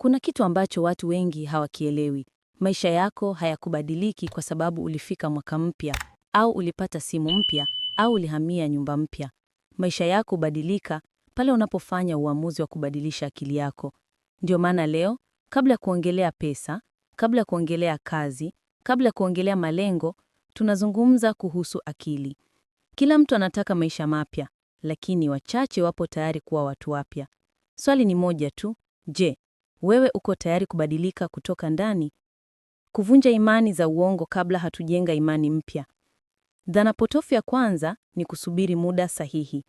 Kuna kitu ambacho watu wengi hawakielewi. Maisha yako hayakubadiliki kwa sababu ulifika mwaka mpya au ulipata simu mpya au ulihamia nyumba mpya. Maisha yako hubadilika pale unapofanya uamuzi wa kubadilisha akili yako. Ndio maana leo, kabla ya kuongelea pesa, kabla ya kuongelea kazi, kabla ya kuongelea malengo, tunazungumza kuhusu akili. Kila mtu anataka maisha mapya, lakini wachache wapo tayari kuwa watu wapya. Swali ni moja tu, je, wewe uko tayari kubadilika kutoka ndani, kuvunja imani za uongo kabla hatujenga imani mpya. Dhana potofu ya kwanza ni kusubiri muda sahihi.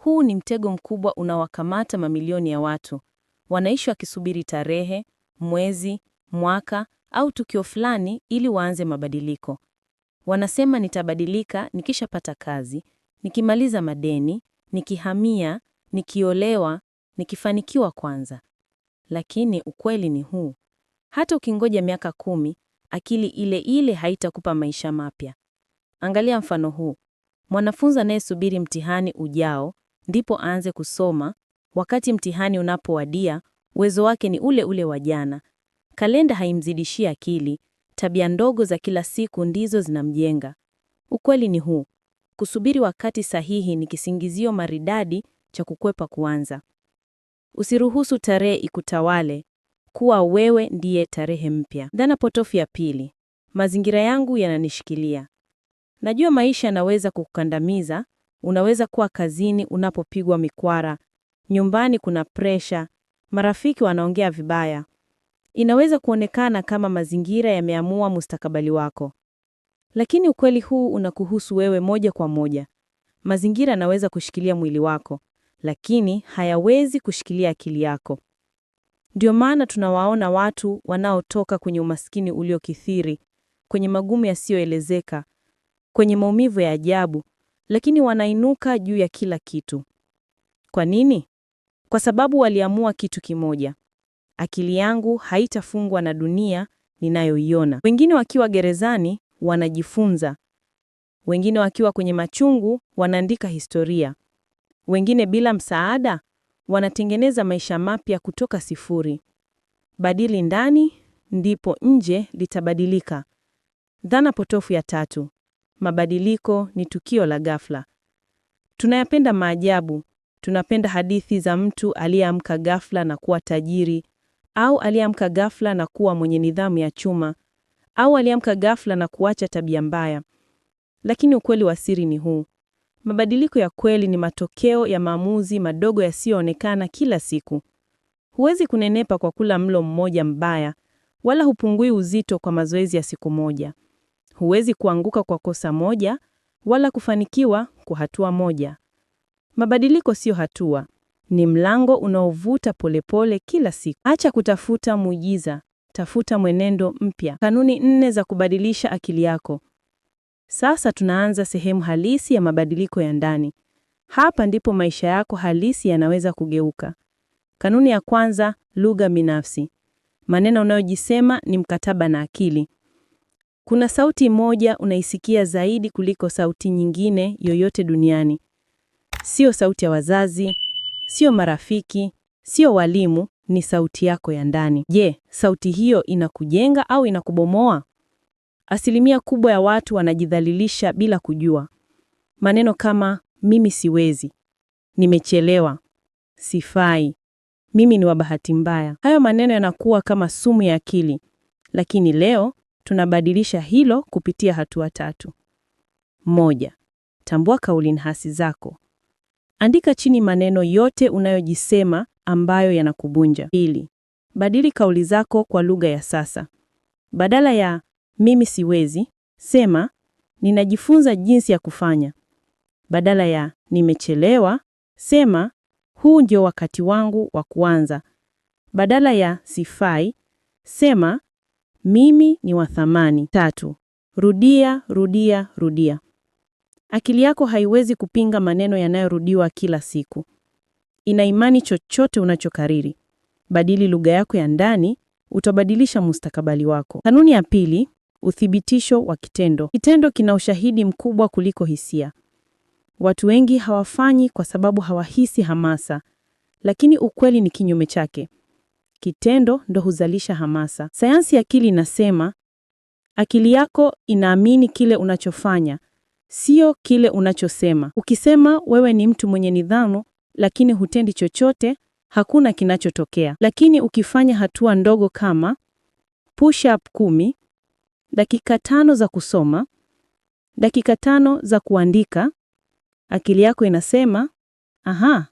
Huu ni mtego mkubwa unawakamata mamilioni ya watu. Wanaishi wakisubiri tarehe, mwezi, mwaka au tukio fulani ili waanze mabadiliko. Wanasema nitabadilika nikishapata kazi, nikimaliza madeni, nikihamia, nikiolewa, nikifanikiwa kwanza. Lakini ukweli ni huu, hata ukingoja miaka kumi, akili ile ile haitakupa maisha mapya. Angalia mfano huu: mwanafunzi anayesubiri mtihani ujao ndipo aanze kusoma, wakati mtihani unapowadia uwezo wake ni ule ule wa jana. Kalenda haimzidishi akili, tabia ndogo za kila siku ndizo zinamjenga. Ukweli ni huu, kusubiri wakati sahihi ni kisingizio maridadi cha kukwepa kuanza. Usiruhusu tarehe ikutawale. Kuwa wewe ndiye tarehe mpya. Dhana potofu ya pili: mazingira yangu yananishikilia. Najua maisha yanaweza kukukandamiza. Unaweza kuwa kazini unapopigwa mikwara, nyumbani kuna presha, marafiki wanaongea vibaya. Inaweza kuonekana kama mazingira yameamua mustakabali wako, lakini ukweli huu unakuhusu wewe moja kwa moja. Mazingira yanaweza kushikilia mwili wako, lakini hayawezi kushikilia akili yako. Ndio maana tunawaona watu wanaotoka kwenye umaskini uliokithiri, kwenye magumu yasiyoelezeka, kwenye maumivu ya ajabu, lakini wanainuka juu ya kila kitu. Kwa nini? Kwa sababu waliamua kitu kimoja: akili yangu haitafungwa na dunia ninayoiona. Wengine wakiwa gerezani wanajifunza, wengine wakiwa kwenye machungu wanaandika historia wengine bila msaada, wanatengeneza maisha mapya kutoka sifuri. Badili ndani, ndipo nje litabadilika. Dhana potofu ya tatu: mabadiliko ni tukio la ghafla. Tunayapenda maajabu, tunapenda hadithi za mtu aliyeamka ghafla na kuwa tajiri, au aliyeamka ghafla na kuwa mwenye nidhamu ya chuma, au aliyeamka ghafla na kuacha tabia mbaya. Lakini ukweli wa siri ni huu: Mabadiliko ya kweli ni matokeo ya maamuzi madogo yasiyoonekana kila siku. Huwezi kunenepa kwa kula mlo mmoja mbaya, wala hupungui uzito kwa mazoezi ya siku moja. Huwezi kuanguka kwa kosa moja, wala kufanikiwa kwa hatua moja. Mabadiliko siyo hatua, ni mlango unaovuta polepole kila siku. Acha kutafuta muujiza, tafuta mwenendo mpya. Kanuni nne za kubadilisha akili yako. Sasa tunaanza sehemu halisi ya mabadiliko ya ndani. Hapa ndipo maisha yako halisi yanaweza kugeuka. Kanuni ya kwanza, lugha binafsi. Maneno unayojisema ni mkataba na akili. Kuna sauti moja unaisikia zaidi kuliko sauti nyingine yoyote duniani. Sio sauti ya wazazi, sio marafiki, sio walimu, ni sauti yako ya ndani. Je, sauti hiyo inakujenga au inakubomoa? Asilimia kubwa ya watu wanajidhalilisha bila kujua. Maneno kama mimi siwezi, nimechelewa, sifai, mimi ni wa bahati mbaya, hayo maneno yanakuwa kama sumu ya akili. Lakini leo tunabadilisha hilo kupitia hatua tatu. Moja, tambua kauli hasi zako. Andika chini maneno yote unayojisema ambayo yanakubunja. Pili, badili kauli zako kwa lugha ya sasa. Badala ya mimi siwezi, sema ninajifunza jinsi ya kufanya. Badala ya nimechelewa, sema huu ndio wakati wangu wa kuanza. Badala ya sifai, sema mimi ni wa thamani. Tatu, rudia, rudia, rudia. Akili yako haiwezi kupinga maneno yanayorudiwa kila siku. Ina imani chochote unachokariri. Badili lugha yako ya ndani, utabadilisha mustakabali wako. Kanuni ya pili, uthibitisho wa kitendo. Kitendo kina ushahidi mkubwa kuliko hisia. Watu wengi hawafanyi kwa sababu hawahisi hamasa, lakini ukweli ni kinyume chake. Kitendo ndo huzalisha hamasa. Sayansi ya akili inasema akili yako inaamini kile unachofanya, sio kile unachosema. Ukisema wewe ni mtu mwenye nidhamu, lakini hutendi chochote, hakuna kinachotokea. Lakini ukifanya hatua ndogo kama push up kumi dakika tano za kusoma, dakika tano za kuandika. Akili yako inasema aha,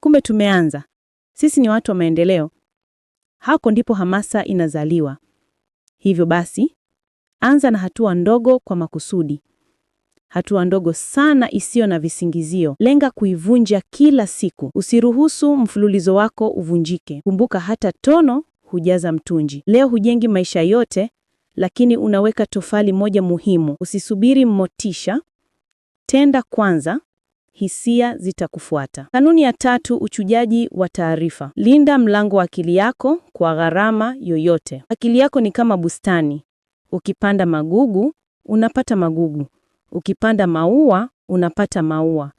kumbe tumeanza, sisi ni watu wa maendeleo. Hako ndipo hamasa inazaliwa. Hivyo basi, anza na hatua ndogo kwa makusudi, hatua ndogo sana isiyo na visingizio. Lenga kuivunja kila siku, usiruhusu mfululizo wako uvunjike. Kumbuka, hata tono hujaza mtunji Leo hujengi maisha yote lakini unaweka tofali moja muhimu: usisubiri motisha, tenda kwanza, hisia zitakufuata. Kanuni ya tatu, uchujaji wa taarifa. Linda mlango wa akili yako kwa gharama yoyote. Akili yako ni kama bustani. Ukipanda magugu unapata magugu, ukipanda maua unapata maua.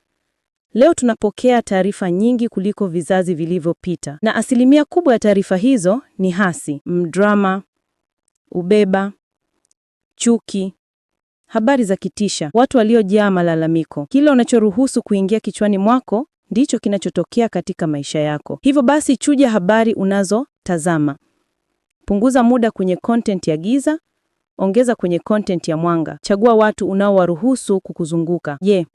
Leo tunapokea taarifa nyingi kuliko vizazi vilivyopita, na asilimia kubwa ya taarifa hizo ni hasi: mdrama, ubeba, chuki, habari za kitisha, watu waliojaa malalamiko. Kile unachoruhusu kuingia kichwani mwako ndicho kinachotokea katika maisha yako. Hivyo basi, chuja habari unazotazama, punguza muda kwenye content ya giza, ongeza kwenye content ya mwanga. Chagua watu unaowaruhusu kukuzunguka. Je,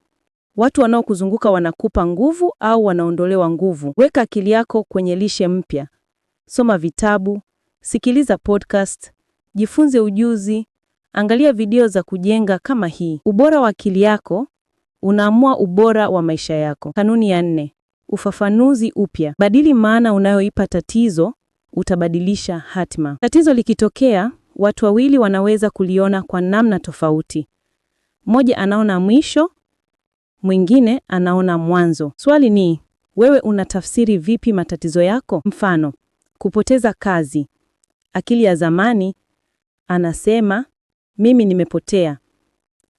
watu wanaokuzunguka wanakupa nguvu au wanaondolewa nguvu? Weka akili yako kwenye lishe mpya. Soma vitabu, sikiliza podcast, jifunze ujuzi, angalia video za kujenga kama hii. Ubora wa akili yako unaamua ubora wa maisha yako. Kanuni ya nne: ufafanuzi upya. Badili maana unayoipa tatizo, utabadilisha hatima. Tatizo likitokea, watu wawili wanaweza kuliona kwa namna tofauti. Mmoja anaona mwisho, mwingine anaona mwanzo. Swali ni wewe unatafsiri vipi matatizo yako? Mfano, kupoteza kazi. Akili ya zamani anasema mimi nimepotea.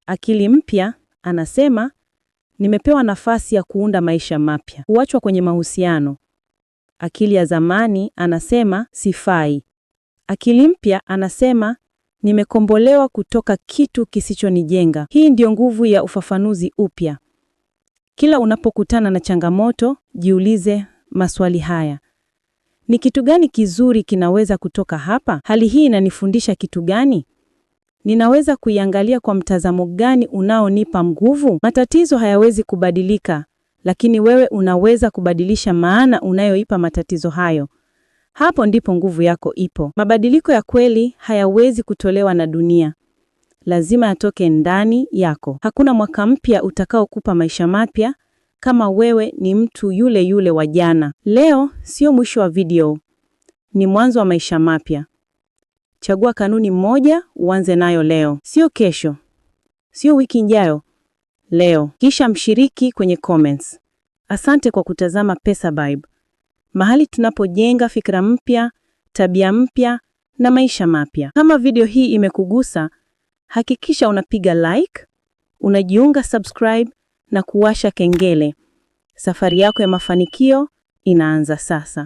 Akili mpya anasema nimepewa nafasi ya kuunda maisha mapya, huachwa kwenye mahusiano. Akili ya zamani anasema sifai. Akili mpya anasema nimekombolewa kutoka kitu kisichonijenga. Hii ndiyo nguvu ya ufafanuzi upya. Kila unapokutana na changamoto, jiulize maswali haya. Ni kitu gani kizuri kinaweza kutoka hapa? Hali hii inanifundisha kitu gani? Ninaweza kuiangalia kwa mtazamo gani unaonipa nguvu? Matatizo hayawezi kubadilika, lakini wewe unaweza kubadilisha maana unayoipa matatizo hayo. Hapo ndipo nguvu yako ipo. Mabadiliko ya kweli hayawezi kutolewa na dunia, lazima yatoke ndani yako. Hakuna mwaka mpya utakaokupa maisha mapya, kama wewe ni mtu yule yule wa jana. Leo sio mwisho wa video, ni mwanzo wa maisha mapya. Chagua kanuni moja uanze nayo leo, sio kesho, sio wiki ijayo, leo. Kisha mshiriki kwenye comments. Asante kwa kutazama Pesa Vibe, mahali tunapojenga fikra mpya, tabia mpya na maisha mapya. Kama video hii imekugusa, hakikisha unapiga like, unajiunga subscribe na kuwasha kengele. Safari yako ya mafanikio inaanza sasa.